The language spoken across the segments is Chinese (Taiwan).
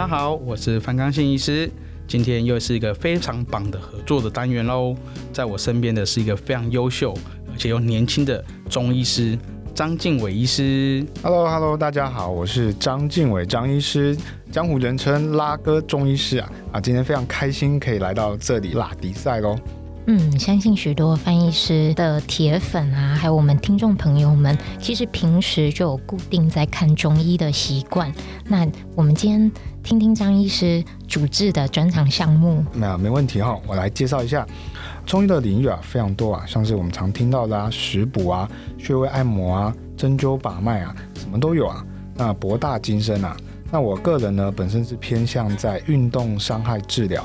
大家好，我是范綱信醫師，今天又是一個非常棒的合作的單元嘍。在我身邊的是一個非常優秀而且又年輕的中醫師章晉瑋醫師。Hello，Hello，hello, 大家好，我是章晉瑋張醫師，江湖人稱啦哥中醫師啊啊，今天非常開心可以來到這裡拉迪賽嘍。嗯，相信許多范醫師的鐵粉啊，還有我們聽眾朋友們，其實平時就有固定在看中醫的習慣。那我們今天聽聽章醫師主治的專長項目。那沒問題哈，我來介紹一下中醫的領域啊，非常多啊，像是我們常聽到的啊，食補啊、穴位按摩啊、針灸把脈啊，什麼都有啊，那博大精深啊。那我個人呢，本身是偏向在運動傷害治療。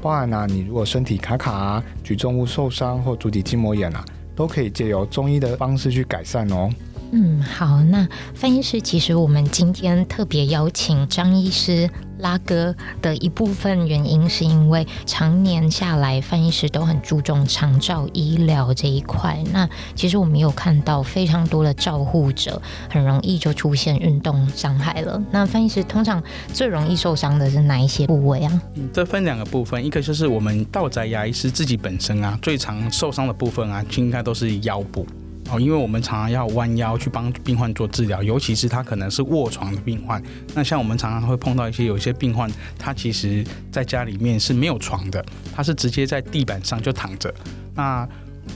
包含吶、啊，你如果身體卡卡、啊，舉重物受傷或足底筋膜炎吶、啊，都可以借由中醫的方式去改善哦。嗯，好。那范醫師，其實我們今天特別邀請章醫師啦哥的一部分原因，是因為常年下來，范醫師都很注重長照醫療這一塊。那其實我們有看到非常多的照護者很容易就出現運動傷害了。那范醫師通常最容易受傷的是哪一些部位啊？嗯，這分兩個部分，一個就是我們到宅牙醫師自己本身啊，最常受傷的部分啊，應該都是腰部。哦，因為我們常常要彎腰去幫病患做治療，尤其是他可能是臥床的病患。那像我們常常會碰到一些，有些病患他其實在家裡面是沒有床的，他是直接在地板上就躺着。那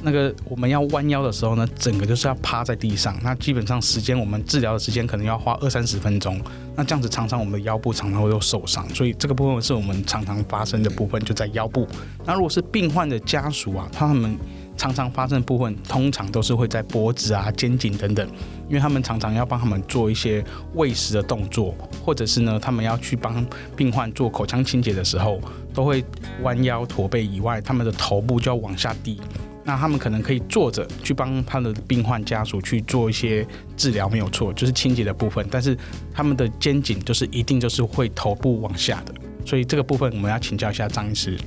那個我們要彎腰的時候呢，整個就是要趴在地上。那基本上時間我們治療的時間可能要花二三十分鐘。那這樣子常常我們的腰部常常會有受傷，所以這個部分是我們常常發生的部分就在腰部。那如果是病患的家屬啊，他們。常常發生的部分，通常都是會在脖子啊、肩頸等等，因為他們常常要幫他們做一些餵食的動作，或者是呢，他們要去幫病患做口腔清潔的時候，都會彎腰駝背以外，他們的頭部就要往下低。那他們可能可以坐着去幫他的病患家屬去做一些治療，沒有錯，就是清潔的部分。但是他們的肩頸就是一定就是會頭部往下的，所以這個部分我們要請教一下章醫師。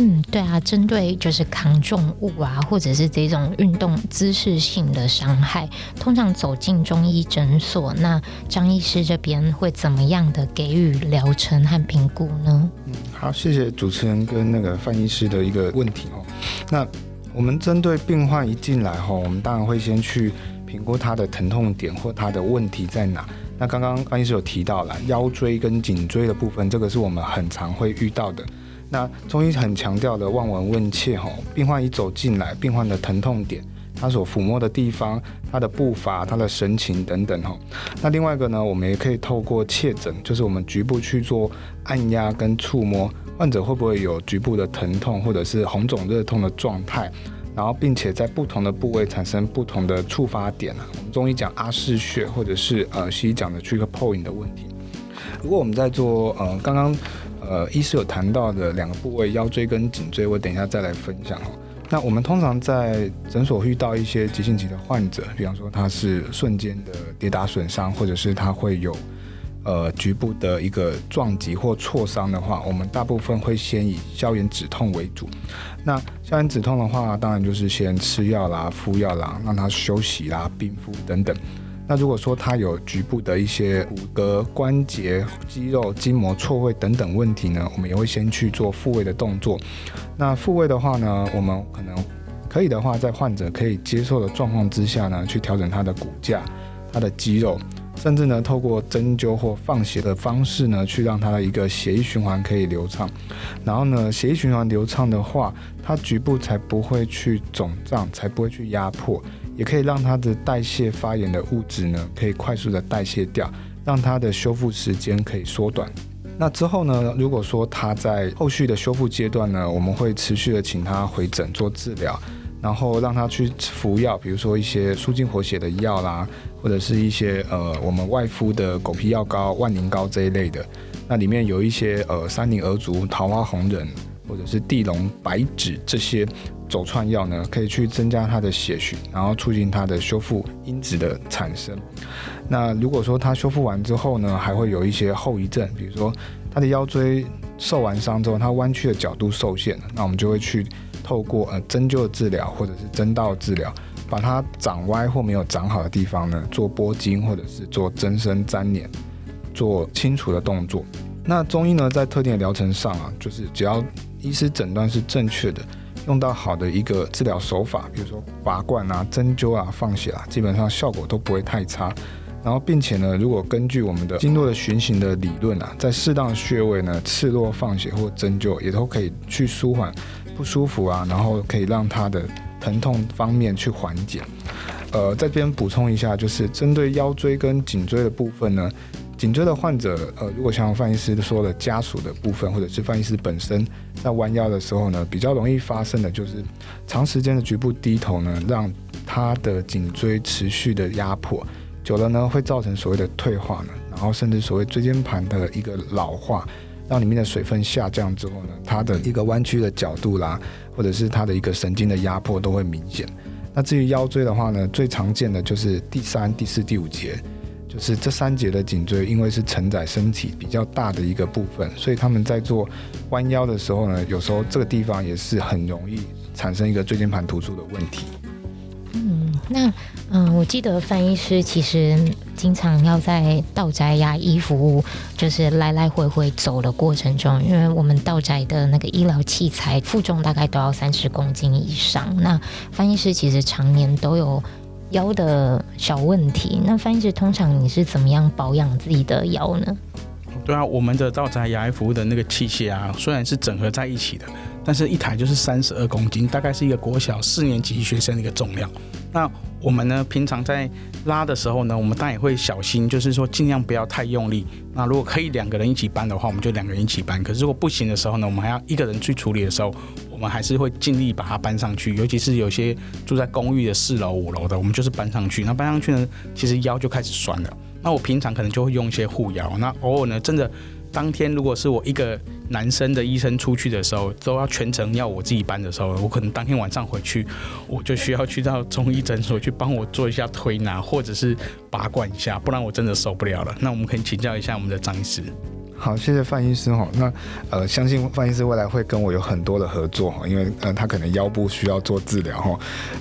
嗯，對啊，針對就是扛重物啊，或者是這種運動姿勢性的傷害，通常走進中醫診所，那張醫師這邊會怎麼樣的給予療程和評估呢？嗯，好，謝謝主持人跟那個范醫師的一個問題哦。那我們針對病患一進來哈，我們當然會先去評估他的疼痛點或他的問題在哪。那剛剛范醫師有提到了腰椎跟頸椎的部分，這個是我們很常會遇到的。那中醫很強調的望聞問切齁，病患一走進來，病患的疼痛點，他所撫摸的地方，他的步伐，他的神情等等齁。那另外一個呢，我們也可以透過切診，就是我們局部去做按壓跟觸摸，患者會不會有局部的疼痛或者是紅腫熱痛的狀態，然後並且在不同的部位產生不同的觸發點啊，我們中醫講阿是穴，或者是呃西醫講的 trigger point 的問題。如果我們在做呃剛剛。剛剛呃，醫師有談到的兩個部位，腰椎跟頸椎，我等一下再來分享哦。那我們通常在診所遇到一些急性期的患者，比方說他是瞬間的跌打損傷，或者是他會有呃局部的一個撞擊或挫傷的話，我們大部分會先以消炎止痛為主。那消炎止痛的話，當然就是先吃藥啦、敷藥啦，讓他休息啦、冰敷等等。那如果說他有局部的一些骨骼、關節、肌肉、筋膜錯位等等問題呢，我們也會先去做復位的動作。那復位的話呢，我們可能可以的話，在患者可以接受的狀況之下呢，去調整他的骨架、他的肌肉，甚至呢，透過針灸或放血的方式呢，去讓他的一個血液循環可以流暢。然後呢，血液循環流暢的話，他局部才不會去腫脹，才不會去壓迫。也可以讓它的代謝發炎的物質呢，可以快速的代謝掉，讓它的修復時間可以縮短。那之後呢，如果說它在後續的修復階段呢，我們會持續的請他回診做治療，然後讓他去服藥，比如說一些舒筋活血的藥啦，或者是一些呃我們外敷的狗皮藥膏、萬靈膏這一類的。那裡面有一些呃三稜莪朮、桃仁紅花，或者是地龍、白芷這些。走串藥呢，可以去增加它的血循，然後促進它的修復因子的產生。那如果說它修復完之後呢，還會有一些後遺症，比如說它的腰椎受完傷之後，它彎曲的角度受限，那我們就會去透過呃針灸的治療或者是針刀治療，把它長歪或沒有長好的地方呢，做撥筋或者是做增生粘連，做清除的動作。那中醫呢，在特定的療程上啊，就是只要醫師診斷是正確的。用到好的一個治療手法，比如說拔罐啊、針灸啊、放血啊，基本上效果都不會太差。然後，並且呢，如果根據我們的經絡的循行的理論啊，在適當的穴位呢刺絡放血或針灸，也都可以去舒緩不舒服啊，然後可以讓它的疼痛方面去緩解。呃，在這邊補充一下，就是針對腰椎跟頸椎的部分呢。頸椎的患者，呃，如果像范醫師說的，家屬的部分或者是范醫師本身在彎腰的時候呢，比較容易發生的就是長時間的局部低頭呢，讓他的頸椎持續的壓迫，久了呢會造成所謂的退化呢，然後甚至所謂椎間盤的一個老化，讓裡面的水分下降之後呢，它的一個彎曲的角度啦，或者是它的一個神經的壓迫都會明顯。那至於腰椎的話呢，最常見的就是第三、第四、第五節。就是這三節的頸椎，因為是承載身體比較大的一個部分，所以他們在做彎腰的時候呢，有時候這個地方也是很容易產生一個椎間盤突出的問題。嗯，那嗯，我記得范醫師其實經常要在到宅牙醫服務就是來來回回走的過程中，因為我們到宅的那個醫療器材負重大概都要三十公斤以上，那范醫師其實常年都有。腰的小問題，那范醫師通常你是怎麼樣保養自己的腰呢？對啊，我們的到宅牙醫服務的那個器械啊，雖然是整合在一起的，但是一台就是三十二公斤，大概是一個國小四年級學生的一個重量。那我們呢，平常在拉的時候呢，我們當然也會小心，就是說盡量不要太用力。那如果可以兩個人一起搬的話，我們就兩個人一起搬；可是如果不行的時候呢，我們還要一個人去處理的時候。我們還是會盡力把它搬上去，尤其是有些住在公寓的四樓、五樓的，我們就是搬上去。那搬上去呢，其實腰就開始痠了。那我平常可能就會用一些護腰。那偶爾呢，真的當天如果是我一個男生的醫生出去的時候，都要全程要我自己搬的時候，我可能當天晚上回去，我就需要去到中醫診所去幫我做一下推拿或者是拔罐一下，不然我真的受不了了。那我們可以請教一下我們的章醫師。好，謝謝范醫師哈。那呃，相信范醫師未來會跟我有很多的合作哈，因為呃，他可能腰部需要做治療哈。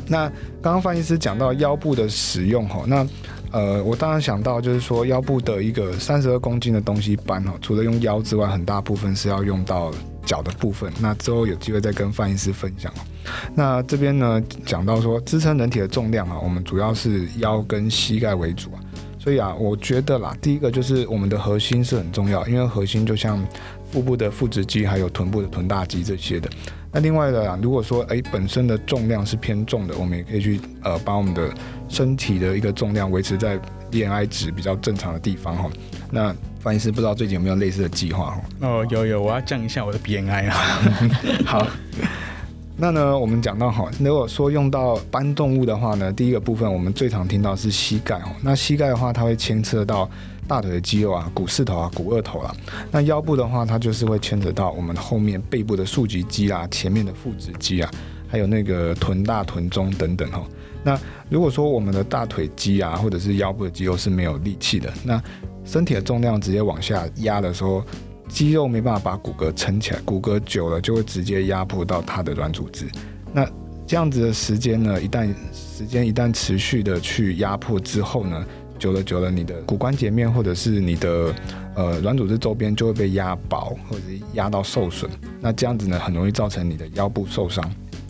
那剛剛范醫師講到腰部的使用哈，那呃，我當然想到就是說腰部的一個三十二公斤的東西搬哈，除了用腰之外，很大部分是要用到腳的部分。那之後有機會再跟范醫師分享。那這邊呢，講到說支撐人體的重量啊，我們主要是腰跟膝蓋為主啊。對呀、啊，我覺得啦，第一個就是我們的核心是很重要，因為核心就像腹部的腹直肌，還有臀部的臀大肌這些的。那另外的，如果說哎本身的重量是偏重的，我們也可以去呃把我們的身體的一個重量維持在 BMI 值比較正常的地方哈。那范醫師不知道最近有沒有類似的計劃哦？哦，有有，我要降一下我的 BMI 啊。 好。那呢，我們講到哈，如果說用到搬重物的話呢，第一個部分我們最常聽到是膝蓋哦。那膝蓋的話，它會牽扯到大腿的肌肉啊、股四頭啊、股二頭啦、啊。那腰部的話，它就是會牽扯到我們後面背部的豎脊肌啊、前面的腹直肌啊，還有那個臀大、臀中等等哈。那如果說我們的大腿肌啊，或者是腰部的肌肉是沒有力氣的，那身體的重量直接往下壓的時候。肌肉沒辦法把骨骼撐起來，骨骼久了就會直接壓迫到它的軟組織。那這樣子的時間呢，一旦時間一旦持續的去壓迫之後呢，久了久了，你的骨關節面或者是你的呃軟組織周邊就會被壓薄，或者是壓到受損。那這樣子呢，很容易造成你的腰部受傷。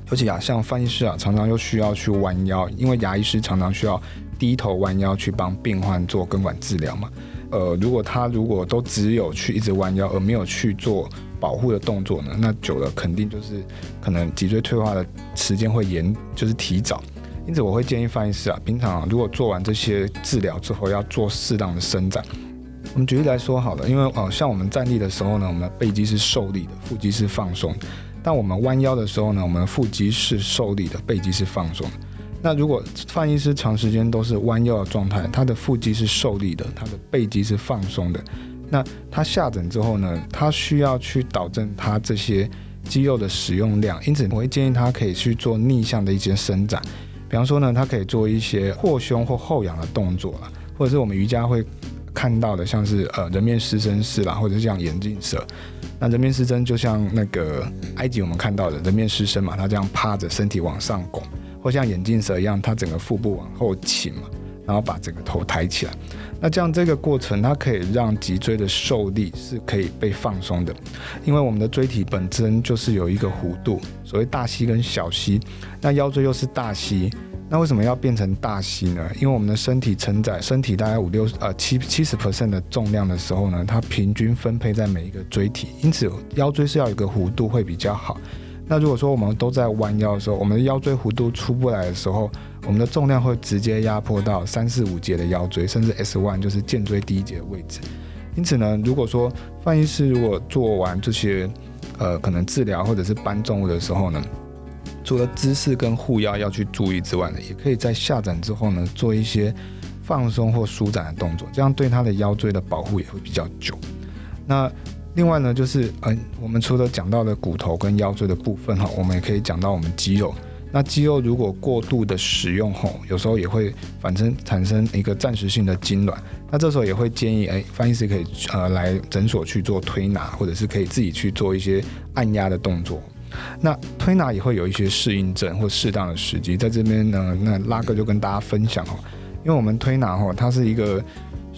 而且啊，像牙醫師啊，常常又需要去彎腰，因為牙醫師常常需要低頭彎腰去幫病患做根管治療嘛。呃，如果他如果都只有去一直彎腰，而沒有去做保護的動作呢，那久了肯定就是可能脊椎退化的時間會延，就是提早。因此，我會建議范醫師啊，平常、啊、如果做完這些治療之後，要做適當的伸展。我們舉例來說好了，因為哦、呃，像我們站立的時候呢，我們的背肌是受力的，腹肌是放鬆；但我們彎腰的時候呢，我們的腹肌是受力的，背肌是放鬆。那如果范醫師長時間都是彎腰的狀態，他的腹肌是受力的，他的背肌是放鬆的。那他下診之後呢，他需要去導正他這些肌肉的使用量，因此我會建議他可以去做逆向的一些伸展。比方說呢，他可以做一些擴胸或後仰的動作啦，或者是我們瑜伽會看到的，像是呃人面獅身式啦，或者是這樣眼鏡蛇。那人面獅身就像那個埃及我們看到的人面獅身嘛，他這樣趴着身體往上拱。或像眼鏡蛇一樣，它整個腹部往後傾嘛，然後把整個頭抬起來。那這樣這個過程，它可以讓脊椎的受力是可以被放鬆的。因為我們的椎體本身就是有一個弧度，所謂大 C 跟小 C，那腰椎又是大 C，那為什麼要變成大 C 呢？因為我們的身體承載身體大概五六呃七七十 percent 的重量的時候呢，它平均分配在每一個椎體，因此腰椎是要有一個弧度會比較好。那如果說我們都在彎腰的時候，我們的腰椎弧度出不來的時候，我們的重量會直接壓迫到三四五節的腰椎，甚至 S 1就是薦椎第一節的位置。因此呢，如果說范醫師如果做完這些，呃，可能治療或者是搬重物的時候呢，除了姿勢跟護腰要去注意之外呢，也可以在下診之後呢，做一些放鬆或舒展的動作，這樣對他的腰椎的保護也會比較久。那。另外呢，就是嗯、欸，我們除了講到的骨頭跟腰椎的部分哈，我們也可以講到我們肌肉。那肌肉如果過度的使用後，有時候也會反正產生一個暫時性的痙攣。那這時候也會建議誒，翻、欸、譯師可以呃來診所去做推拿，或者是可以自己去做一些按壓的動作。那推拿也會有一些適應症或適當的時機，在這邊呢，那拉哥就跟大家分享哦，因為我們推拿哈，它是一個。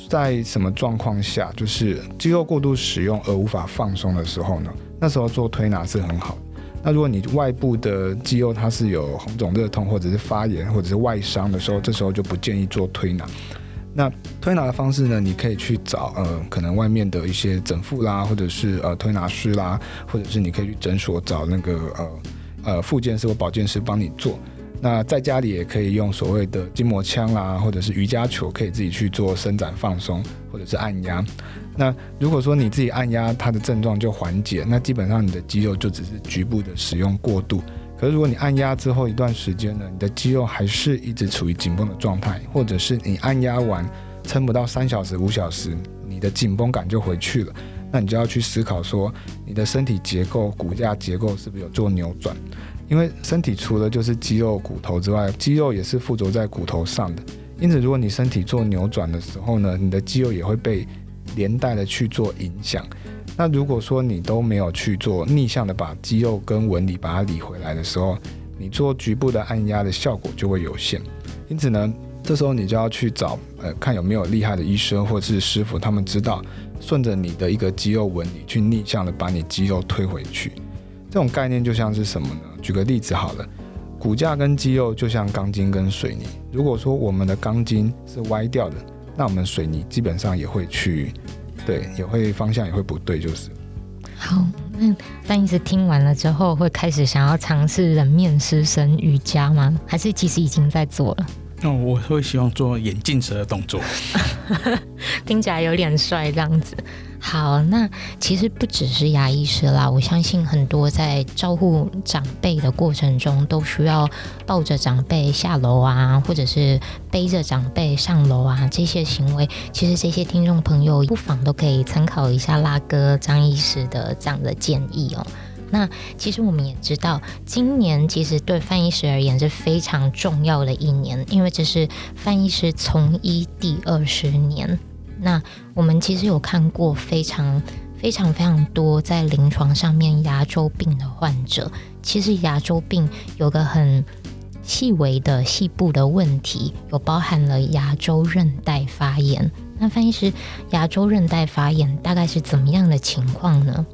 在什麼狀況下，就是肌肉過度使用而無法放鬆的時候呢？那時候做推拿是很好的。那如果你外部的肌肉它是有紅腫熱痛，或者是發炎，或者是外傷的時候，這時候就不建議做推拿。那推拿的方式呢？你可以去找呃，可能外面的一些整復啦，或者是呃推拿師啦，或者是你可以去診所找那個呃呃復健師或保健師幫你做。那在家裡也可以用所謂的筋膜槍啦，或者是瑜伽球，可以自己去做伸展放鬆，或者是按壓。那如果說你自己按壓，它的症狀就緩解，那基本上你的肌肉就只是局部的使用過度。可是如果你按壓之後一段時間呢？你的肌肉還是一直處於緊繃的狀態，或者是你按壓完撐不到三小時五小時，你的緊繃感就回去了，那你就要去思考說，你的身體結構、骨架結構是不是有做扭轉？因為身體除了就是肌肉骨頭之外，肌肉也是附着在骨頭上的，因此如果你身體做扭轉的時候呢，你的肌肉也會被連帶的去做影響。那如果說你都沒有去做逆向的把肌肉跟紋理把它理回來的時候，你做局部的按壓的效果就會有限。因此呢，這時候你就要去找呃，看有沒有厲害的醫生或者是師傅，他們知道順着你的一個肌肉紋理去逆向的把你肌肉推回去。這種概念，就像是什麼呢？舉個例子好了，骨架跟肌肉就像鋼筋跟水泥。如果說我們的鋼筋是歪掉的，那我們水泥基本上也會去，對，也會方向也會不對，就是。好，那范醫師聽完了之後會開始想要嘗試人面獅身瑜伽嗎？還是其實已經在做了？哦，我會希望做眼鏡蛇的動作， 聽起來有點帥這樣子。好，那其實不只是牙醫師啦，我相信，很多在照顧長輩的過程中，都需要抱着長輩下樓啊，或者是背着長輩上樓啊，這些行為，其實這些聽眾朋友不妨都可以參考一下啦哥章醫師的這樣的建議哦。那其實我們也知道，今年其實對范醫師而言是非常重要的一年，因為這是范醫師從醫第二十年。那我們其實有看過非常、非常、非常多在臨床上面牙周病的患者。其實牙周病有個很細微的細部的問題，有包含了牙周韌帶發炎。那范醫師，牙周韌帶發炎大概是怎麼樣的情況呢？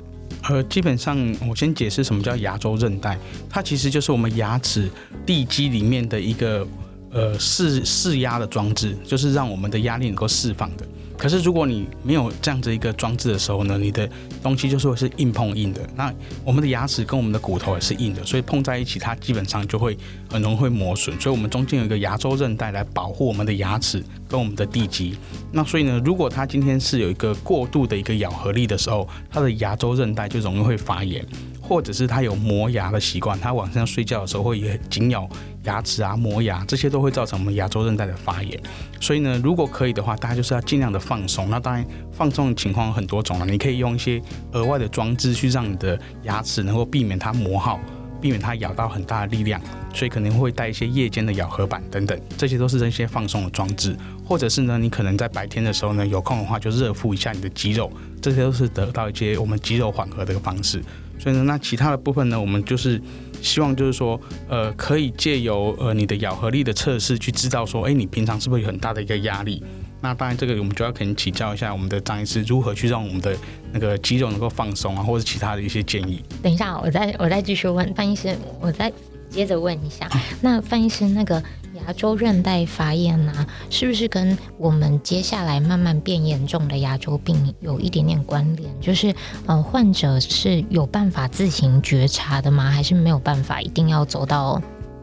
呃，基本上我先解釋什麼叫牙周韌帶。它其實就是我們牙齒地基裡面的一個呃釋釋壓的裝置，就是讓我們的壓力能夠釋放的。可是如果你沒有這樣子一個裝置的時候呢，你的東西就是會是硬碰硬的。那我們的牙齒跟我們的骨頭也是硬的，所以碰在一起，它基本上就會很容易會磨損。所以我們中間有一個牙周韌帶來保護我們的牙齒跟我們的地基。那所以呢，如果它今天是有一個過度的一個咬合力的時候，它的牙周韌帶就容易會發炎，或者是它有磨牙的習慣，它晚上睡覺的時候會很緊咬。牙齒啊，磨牙這些都會造成我們牙周韌帶的發炎，所以呢，如果可以的話，大家就是要盡量的放鬆。那當然，放鬆的情況有很多種了，你可以用一些額外的裝置去讓你的牙齒能夠避免它磨耗，避免它咬到很大的力量，所以可能會戴一些夜間的咬合板等等，這些都是這些放鬆的裝置。或者是呢，你可能在白天的時候呢，有空的話就熱敷一下你的肌肉，這些都是得到一些我們肌肉緩和的一個方式。所以呢，那其他的部分呢，我們就是。希望就是說，呃，可以借由呃你的咬合力的測試去知道說哎、欸，你平常是不是有很大的一個壓力？那當然，這個我們就要給請教一下我們的章醫師如何去讓我們的那個肌肉能夠放鬆啊，或者其他的一些建議。等一下，我再我再繼續問范醫師，我再接着問一下，啊、那范醫師那個。牙周韌帶發炎啊，是不是跟我們接下來慢慢變嚴重的牙周病有一點點關聯？就是呃，患者，是有辦法自行覺察的嗎？還是沒有辦法，一定要走到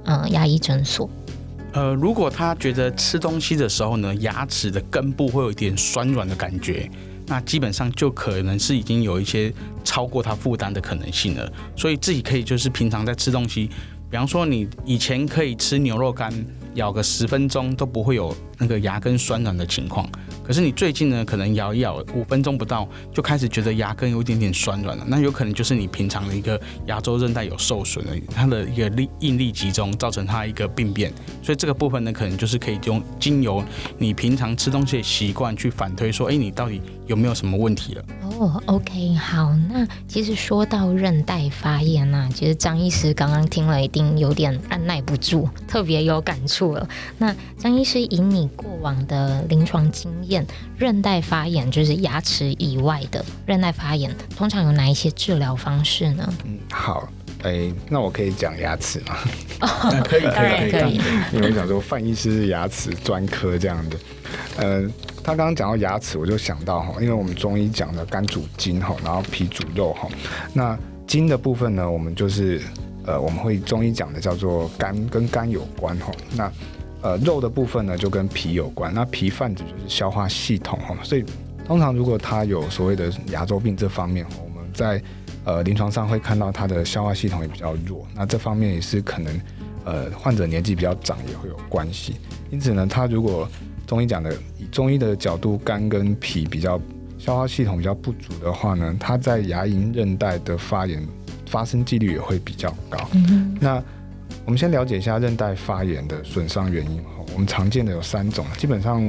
嗯、呃、牙醫診所？呃，如果他覺得吃東西的時候呢，牙齒的根部會有一點痠軟的感覺，那基本上就可能是已經有一些超過他負擔的可能性了。所以自己可以就是平常在吃東西，比方說你以前可以吃牛肉乾。咬個十分鐘都不會有那個牙根酸軟的情況。可是你最近呢，可能咬一咬，五分鐘不到就開始覺得牙根有一點點酸軟了，那有可能就是你平常的一個牙周韌帶有受損而已，它的一個力應力集中造成它一個病變，所以這個部分呢，可能就是可以用經由你平常吃東西的習慣去反推，說，哎、欸，你到底有沒有什麼問題了？哦、oh,，OK，好，那其實說到韌帶發炎呢、啊，其實張醫師剛剛聽了一定有點按捺不住，特別有感觸了。那張醫師以你過往的臨床經驗。韌帶發炎就是牙齒以外的韌帶發炎，通常有哪一些治療方式呢？嗯，好，哎，那我可以講牙齒嗎？可以可以可以，因為講說范醫師是牙齒專科這樣的，呃，他剛剛講到牙齒，我就想到哈，因為我們中醫講的肝主筋哈，然後脾主肉哈，那筋的部分呢，我們就是呃，我們會中醫講的叫做肝跟肝有關哈，那。呃，肉的部分呢，就跟脾有關，那脾泛指就是消化系統，哦，所以通常如果他有所謂的牙周病這方面，我們在呃臨床上會看到他的消化系統也比較弱，那這方面也是可能呃患者年紀比較長也會有關係。因此呢，他如果中醫講的，以中醫的角度肝跟脾比較消化系統比較不足的話呢，他在牙齦韌帶的發炎發生幾率也會比較高。嗯，那我們先了解一下韌帶發炎的損傷原因哈。我們常見的有三種，基本上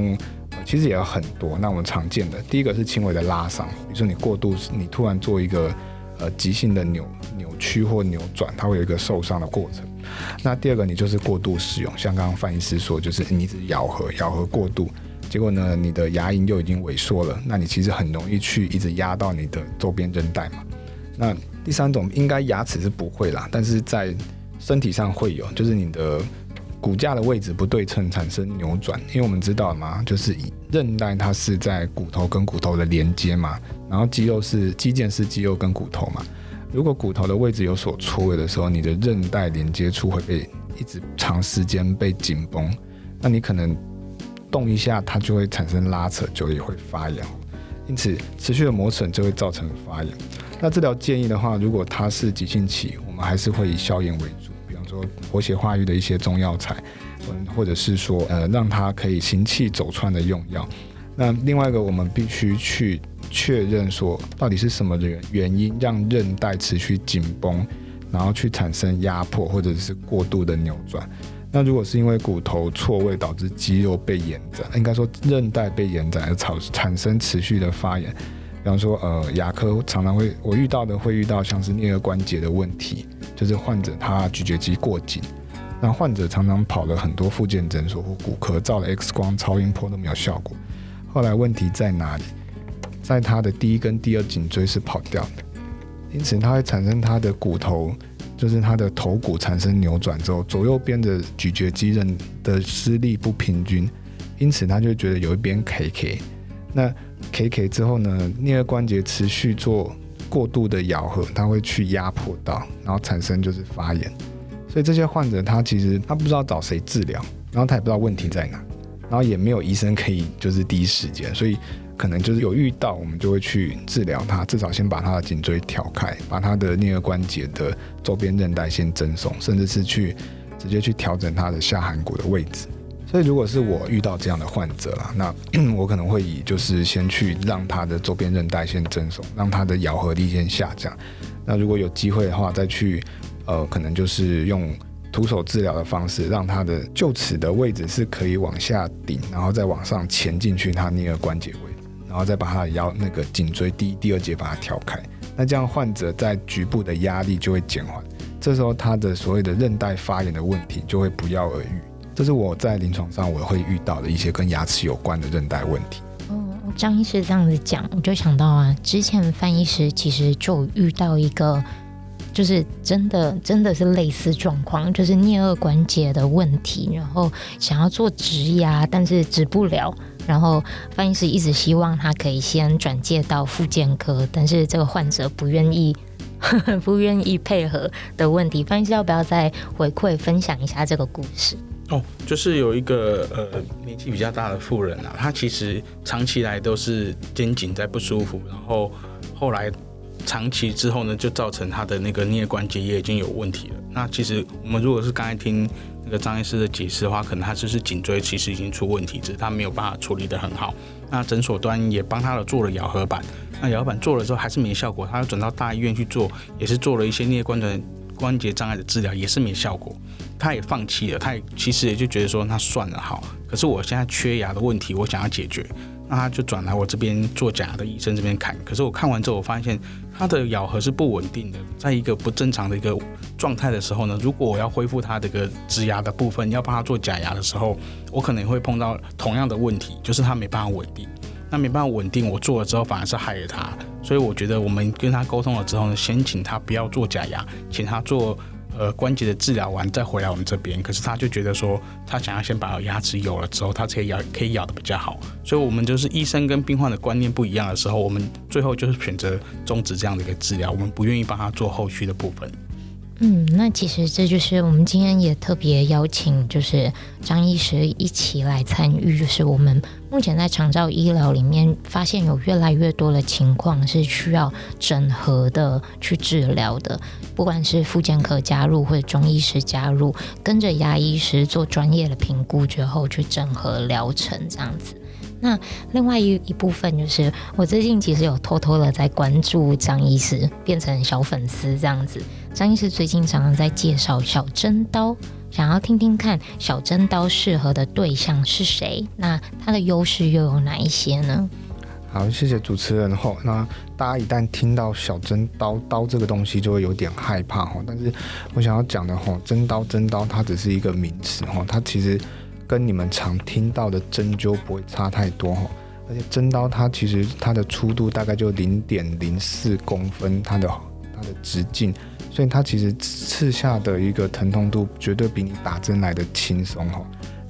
其實也有很多。那我們常見的第一個是輕微的拉傷，比如說你過度，你突然做一個呃急性的扭扭曲或扭轉，它會有一個受傷的過程。那第二個你就是過度使用，像剛剛范醫師說，就是你一直咬合咬合過度，結果呢你的牙齦就已經萎縮了，那你其實很容易去一直壓到你的周邊韌帶嘛。那第三種應該牙齒是不會啦，但是在身體上會有，就是你的骨架的位置不對稱，產生扭轉。因為我們知道嘛，就是韌帶它是在骨頭跟骨頭的連接嘛，然後肌肉是肌腱是肌肉跟骨頭嘛。如果骨頭的位置有所錯位的時候，你的韌帶連接處會被一直長時間被緊繃，那你可能動一下，它就會產生拉扯，就也會發炎。因此，持續的磨損就會造成發炎。那治療建議的話，如果它是急性期，我們還是會以消炎為主。活血化瘀的一些中藥材，嗯，或者是說，呃，讓它可以行氣走竄的用藥。那另外一個，我們必須去確認說，到底是什麼原原因，讓韌帶持續緊繃，然後去產生壓迫或者是過度的扭轉。那如果是因為骨頭錯位導致肌肉被延展，呃，應該說韌帶被延展而產產生持續的發炎。比方說，呃，牙科常常會我遇到的會遇到像是顳頜關節的問題。就是患者他咀嚼肌過緊，那患者常常跑了很多復健診所或骨科，照了 X 光、超音波都沒有效果。後來問題在哪裡？在他的第一跟第二頸椎是跑掉的，因此他會產生他的骨頭，就是他的頭骨產生扭轉之後，左右邊的咀嚼肌韌的施力不平均，因此他就覺得有一邊 KK，那 KK 之後呢，顳顎關節持續做。過度的咬合，他會去壓迫到，然後產生就是發炎，所以這些患者他其實他不知道找誰治療，然後他也不知道問題在哪，然後也沒有醫生可以就是第一時間，所以可能就是有遇到我們就會去治療他，至少先把他的頸椎調開，把他的顳頜關節的周邊韌帶先增鬆，甚至是去直接去調整他的下頜骨的位置。所以，如果是我遇到這樣的患者啦，那 我可能會以就是先去讓他的周邊韌帶先增鬆，讓他的咬合力先下降。那如果有機會的話，再去呃，可能就是用徒手治療的方式，讓他的臼齒的位置是可以往下頂，然後再往上潛進去他那個關節位，然後再把他的腰那個頸椎第第二節把它調開。那這樣患者在局部的壓力就會減緩，這時候他的所謂的韌帶發炎的問題就會不藥而癒。這是我在臨床上我會遇到的一些跟牙齒有關的韌帶問題。哦，張醫師這樣子講，我就想到啊，之前范醫師其實就遇到一個，就是真的真的是類似狀況，就是顳頜關節的問題，然後想要做植牙，但是植不了，然後范醫師一直希望他可以先轉介到復健科，但是這個患者不願意，呵呵，不願意配合的問題，范醫師要不要再回饋分享一下這個故事？哦，就是有一個呃年紀比較大的婦人啊，他其實長期來都是肩頸在不舒服，然後後來長期之後呢，就造成他的那個顳關節也已經有問題了。那其實我們如果是剛才聽那個張醫師的解釋的話，可能他就是頸椎其實已經出問題，只是他沒有辦法處理得很好。那診所端也幫他的做了咬合板，那咬合板做了之後還是沒效果，他又轉到大醫院去做，也是做了一些顳關節關節障礙的治療，也是沒效果。他也放棄了，他也其實也就覺得說，那算了，好。可是我現在缺牙的問題，我想要解決，那他就轉來我這邊做假的醫生這邊看。可是我看完之後，我發現他的咬合是不穩定的，在一個不正常的一個狀態的時候呢，如果我要恢復他這個植牙的部分，要幫他做假牙的時候，我可能會碰到同樣的問題，就是他沒辦法穩定。那沒辦法穩定，我做了之後反而是害了他。所以我覺得我們跟他溝通了之後呢，先請他不要做假牙，請他做。呃，關節的治療完再回來我們這邊，可是他就覺得說，他想要先把牙齒有了之後，他可以咬，可以咬得比較好。所以，我們就是醫生跟病患的觀念不一樣的時候，我們最後就是選擇終止這樣的一個治療，我們不願意幫他做後續的部分。嗯，那其實這就是我們今天也特別邀請，就是章醫師一起來參與，就是我們目前在長照醫療裡面發現有越來越多的情況是需要整合的去治療的，不管是復健科加入或者中醫師加入，跟着牙醫師做專業的評估之後去整合療程，這樣子。那另外一一部分就是，我最近其實有偷偷的在關注張醫師，變成小粉絲這樣子。張醫師最近常常在介紹小針刀，想要聽聽看小針刀適合的對象是誰，那它的優勢又有哪一些呢？好，謝謝主持人哈。那大家一旦聽到小針刀刀這個東西，就會有點害怕哈。但是我想要講的吼，針刀針刀它只是一個名詞哈，它其實。跟你們常聽到的針灸不會差太多哈，而且針刀它其實它的粗度大概就零點零四公分，它的它的直徑，所以它其實刺下的一個疼痛度絕對比你打針來的輕鬆哈。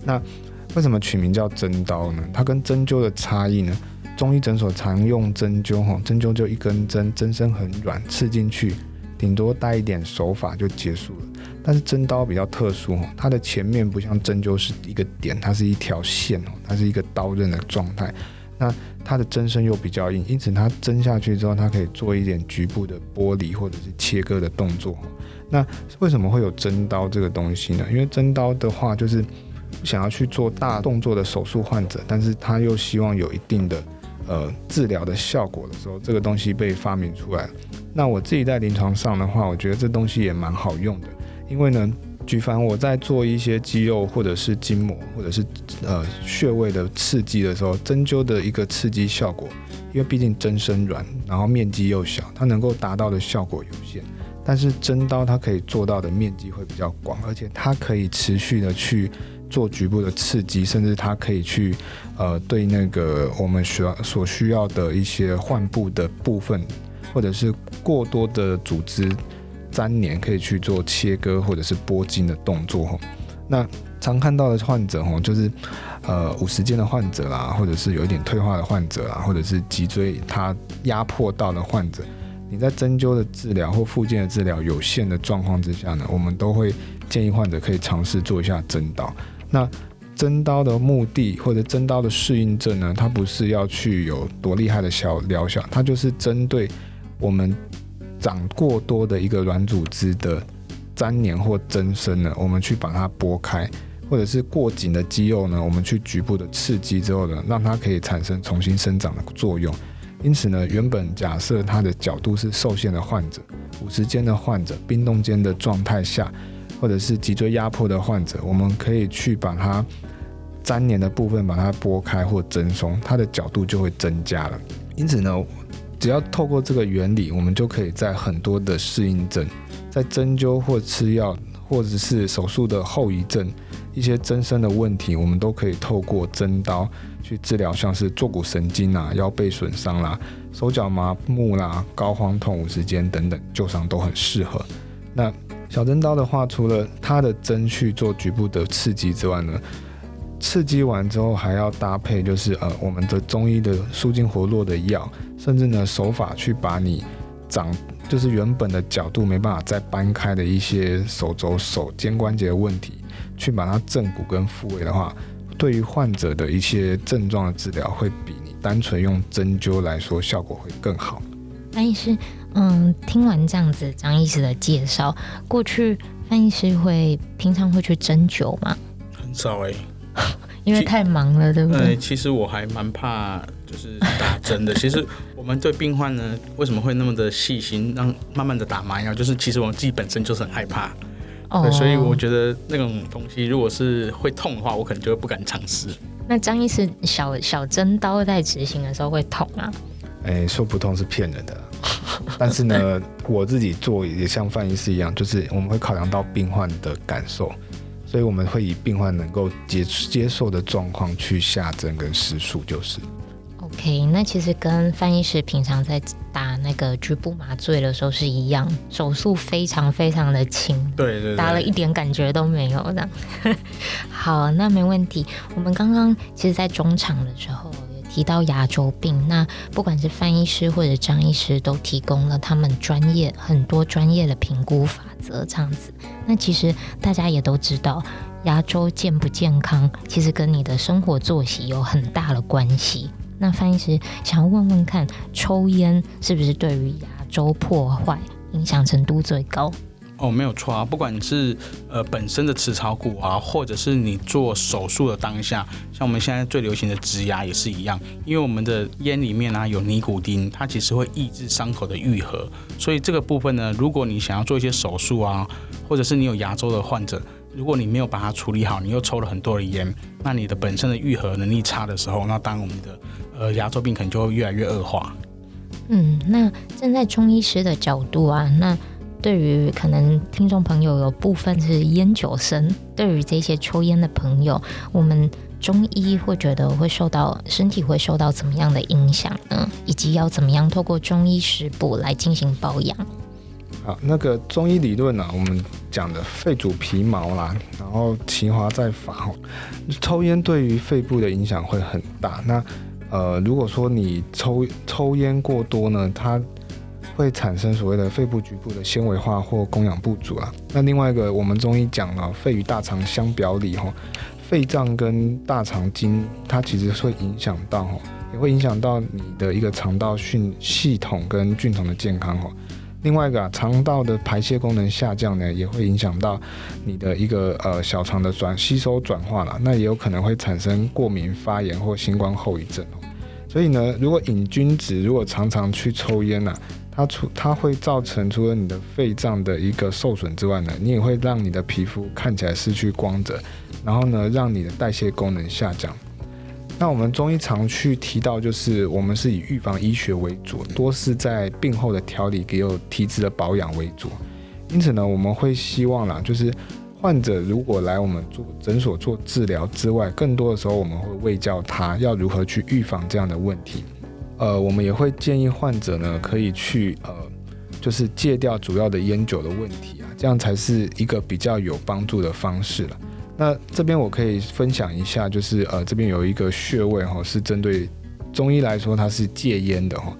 那為什麼取名叫針刀呢？它跟針灸的差異呢？中醫診所常用針灸哈，針灸就一根針，針身很軟，刺進去。頂多帶一點手法就結束了，但是針刀比較特殊，它的前面不像針灸是一個點，它是一條線哦，它是一個刀刃的狀態。那它的針身又比較硬，因此它針下去之後，它可以做一點局部的剝離或者是切割的動作。那為什麼會有針刀這個東西呢？因為針刀的話，就是想要去做大動作的手術患者，但是他又希望有一定的。呃，治療的效果的時候，這個東西被發明出來了。那我自己在臨床上的話，我覺得這東西也蠻好用的。因為呢，舉凡我在做一些肌肉或者是筋膜或者是呃穴位的刺激的時候，針灸的一個刺激效果，因為畢竟針身軟，然後面積又小，它能夠達到的效果有限。但是針刀它可以做到的面積會比較廣，而且它可以持續的去。做局部的刺激，甚至它可以去呃對那個我們需要所需要的一些患部的部分，或者是過多的組織粘連，可以去做切割或者是撥筋的動作吼。那常看到的患者吼，就是呃五十肩的患者啦，或者是有一點退化的患者啦，或者是脊椎它壓迫到的患者。你在針灸的治療或附件的治療有限的狀況之下呢，我們都會建議患者可以嘗試做一下針刀。那針刀的目的或者針刀的適應症呢？它不是要去有多厲害的小療效，它就是針對我們長過多的一個軟組織的粘連或增生呢，我們去把它撥開，或者是過緊的肌肉呢，我們去局部的刺激之後呢，讓它可以產生重新生長的作用。因此呢，原本假設它的角度是受限的患者，五十肩的患者，冰凍肩的狀態下。或者是脊椎壓迫的患者，我們可以去把它粘連的部分把它撥開或針鬆，它的角度就會增加了。因此呢，只要透過這個原理，我們就可以在很多的適應症，在針灸或吃藥，或者是手術的後遺症、一些增生的問題，我們都可以透過針刀去治療，像是坐骨神經啦、啊、腰背損傷啦、手腳麻木啦、啊、膏肓痛、五十肩等等舊傷都很適合。那小針刀的話，除了它的針去做局部的刺激之外呢，刺激完之後還要搭配，就是呃，我們的中醫的舒筋活絡的藥，甚至呢手法去把你長就是原本的角度沒辦法再掰開的一些手肘、手肩關節的問題，去把它正骨跟復位的話，對於患者的一些症狀的治療，會比你單純用針灸來說效果會更好。安醫師。嗯，聽完這樣子張醫師的介紹，過去范醫師會平常會去針灸嗎？很少哎、欸，因為太忙了，對不對？其實我還蠻怕就是打針的。 其實我們對病患呢，為什麼會那麼的細心，讓慢慢的打麻藥？就是其實我自己本身就是很害怕，oh. 對，所以我覺得那種東西如果是會痛的話，我可能就會不敢嘗試。那張醫師小小針刀在執行的時候會痛啊？哎、欸，說不通是騙人的。但是呢， 我自己做也像范醫師一樣，就是我們會考量到病患的感受，所以我們會以病患能夠接接受的狀況去下針跟施術，就是。OK，那其實跟范醫師平常在打那個局部麻醉的時候是一樣，手速非常非常的輕。對，對對，打了一點感覺都沒有的。 好，那沒問題。我們剛剛其實，在中場的時候。提到牙周病，那不管是范醫師或者章醫師，都提供了他們專業很多專業的評估法則，這樣子。那其實大家也都知道，牙周健不健康，其實跟你的生活作息有很大的關係。那范醫師想要問問看，抽菸是不是對於牙周破壞影響程度最高？哦、沒有錯啊，不管你是呃本身的齒槽骨啊，或者是你做手術的當下，像我們現在最流行的植牙也是一樣，因為我們的煙裡面呢、啊、有尼古丁，它其實會抑制傷口的愈合，所以這個部分呢，如果你想要做一些手術啊，或者是你有牙周的患者，如果你沒有把它處理好，你又抽了很多的煙，那你的本身的愈合能力差的時候，那當然我們的呃牙周病可能就會越來越惡化。嗯，那站在中醫師的角度啊，那。對於可能聽眾朋友有部分是煙酒生，對於這些抽煙的朋友，我們中醫會覺得會受到身體會受到怎麼樣的影響呢？以及要怎麼樣透過中醫食補來進行保養？好，那個中醫理論呢、啊，我們講的肺主皮毛啦，然後其華在髮。抽煙對於肺部的影響會很大。那呃，如果說你抽抽煙過多呢，它會產生所謂的肺部局部的纖維化或供氧不足啦、啊。那另外一個，我們中醫講了，肺與大腸相表裡吼，肺臟跟大腸經它其實會影響到，也會影響到你的一個腸道系統跟菌群的健康。另外一個，腸道的排泄功能下降呢，也會影響到你的一個呃小腸的轉吸收轉化了。那也有可能會產生過敏、發炎或新冠後遺症。所以呢，如果癮君子如果常常去抽菸呢、啊。它除它會造成，除了你的肺臟的一個受損之外呢，你也會讓你的皮膚看起來失去光澤，然後呢，讓你的代謝功能下降。那我們中醫常去提到，就是我們是以預防醫學為主，多是在病後的調理，給予體質的保養為主。因此呢，我們會希望啦，就是患者如果來我們做診所做治療之外，更多的時候我們會教他要如何去預防這樣的問題。呃，我們也會建議患者呢，可以去呃，就是戒掉主要的菸酒的問題啊，這樣才是一個比較有幫助的方式了。那這邊我可以分享一下，就是呃，這邊有一個穴位哈，是針對中醫來說，它是戒菸的哈。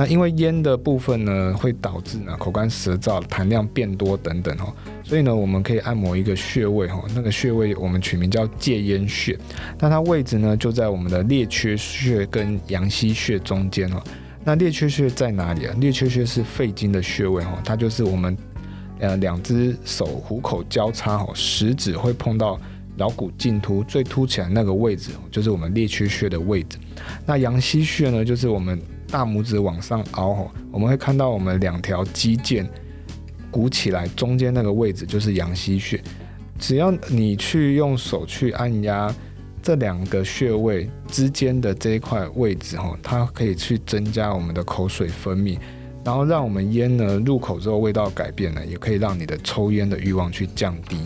那因為煙的部分呢，會導致呢口乾舌燥、痰量變多等等哦、喔，所以呢，我們可以按摩一個穴位哦、喔，那個穴位我們取名叫戒煙穴。那它位置呢，就在我們的列缺穴跟陽溪穴中間哦、喔。那列缺穴在哪裡啊？列缺穴是肺經的穴位哦、喔，它就是我們呃兩隻手虎口交叉十、喔、食指會碰到橈骨莖突最突起來的那個位置，就是我們列缺穴的位置。那陽溪穴呢，就是我們。大拇指往上凹吼，我們會看到我們兩條肌腱鼓起來，中間那個位置就是陽溪穴。只要你去用手去按壓這兩個穴位之間的這一塊位置吼，它可以去增加我們的口水分泌，然後讓我們煙呢入口之後味道改變了，也可以讓你的抽菸的慾望去降低。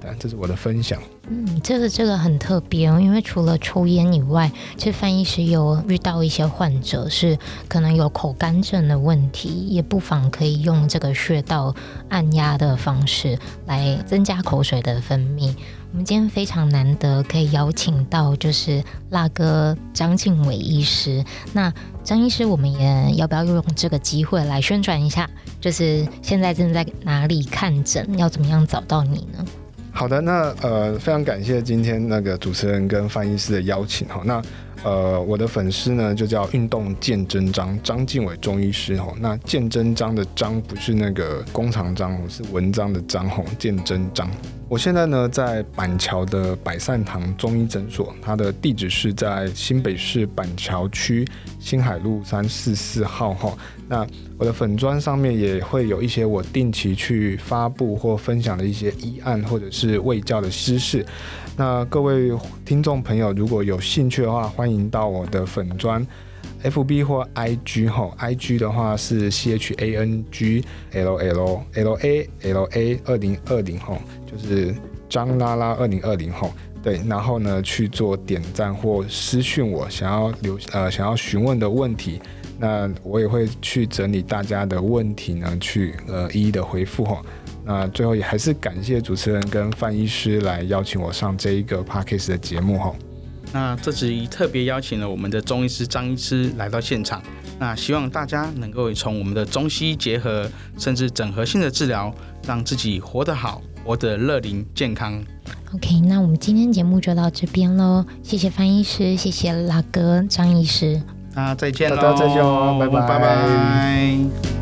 但這是我的分享。嗯，這個這個很特別哦，因為除了抽菸以外，其實范醫師有遇到一些患者是可能有口乾症的問題，也不妨可以用這個穴道按壓的方式來增加口水的分泌。我們今天非常難得可以邀請到就是啦哥章晉瑋醫師，那章醫師，我們也要不要用這個機會來宣傳一下，就是現在正在哪裡看診，要怎麼樣找到你呢？好的，那呃，非常感謝今天那個主持人跟范醫師的邀請哈，那。呃，我的粉絲呢就叫運動見真章，章晉瑋中醫師吼，那見真章的章不是那個工廠章，是文章的章吼見真章。我現在呢在板橋的百善堂中醫診所，它的地址是在新北市板橋區新海路三四四號哈。那我的粉專上面也會有一些我定期去發布或分享的一些醫案或者是衛教的知識。那各位聽眾朋友，如果有興趣的話，歡迎到我的粉專，FB 或 IG 吼、哦，IG 的話是 CHANGLLLLA2020 吼，就是章啦啦2020吼、哦，對，然後呢去做點讚或私訊我想、呃，想要留呃想要詢問的問題，那我也會去整理大家的問題呢，去呃一一的回覆吼。哦最後也還是感謝主持人跟范醫師來邀請我上這一個 podcast 的節目哈。那這集特別邀請了我們的中醫師章醫師來到現場，那希望大家能夠從我們的中西結合，甚至整合性的治療，讓自己活得好，活得樂齡健康。OK，那我們今天節目就到這邊嘍，謝謝范醫師，謝謝啦哥章醫師，那再見嘍，大家再見，拜拜拜拜。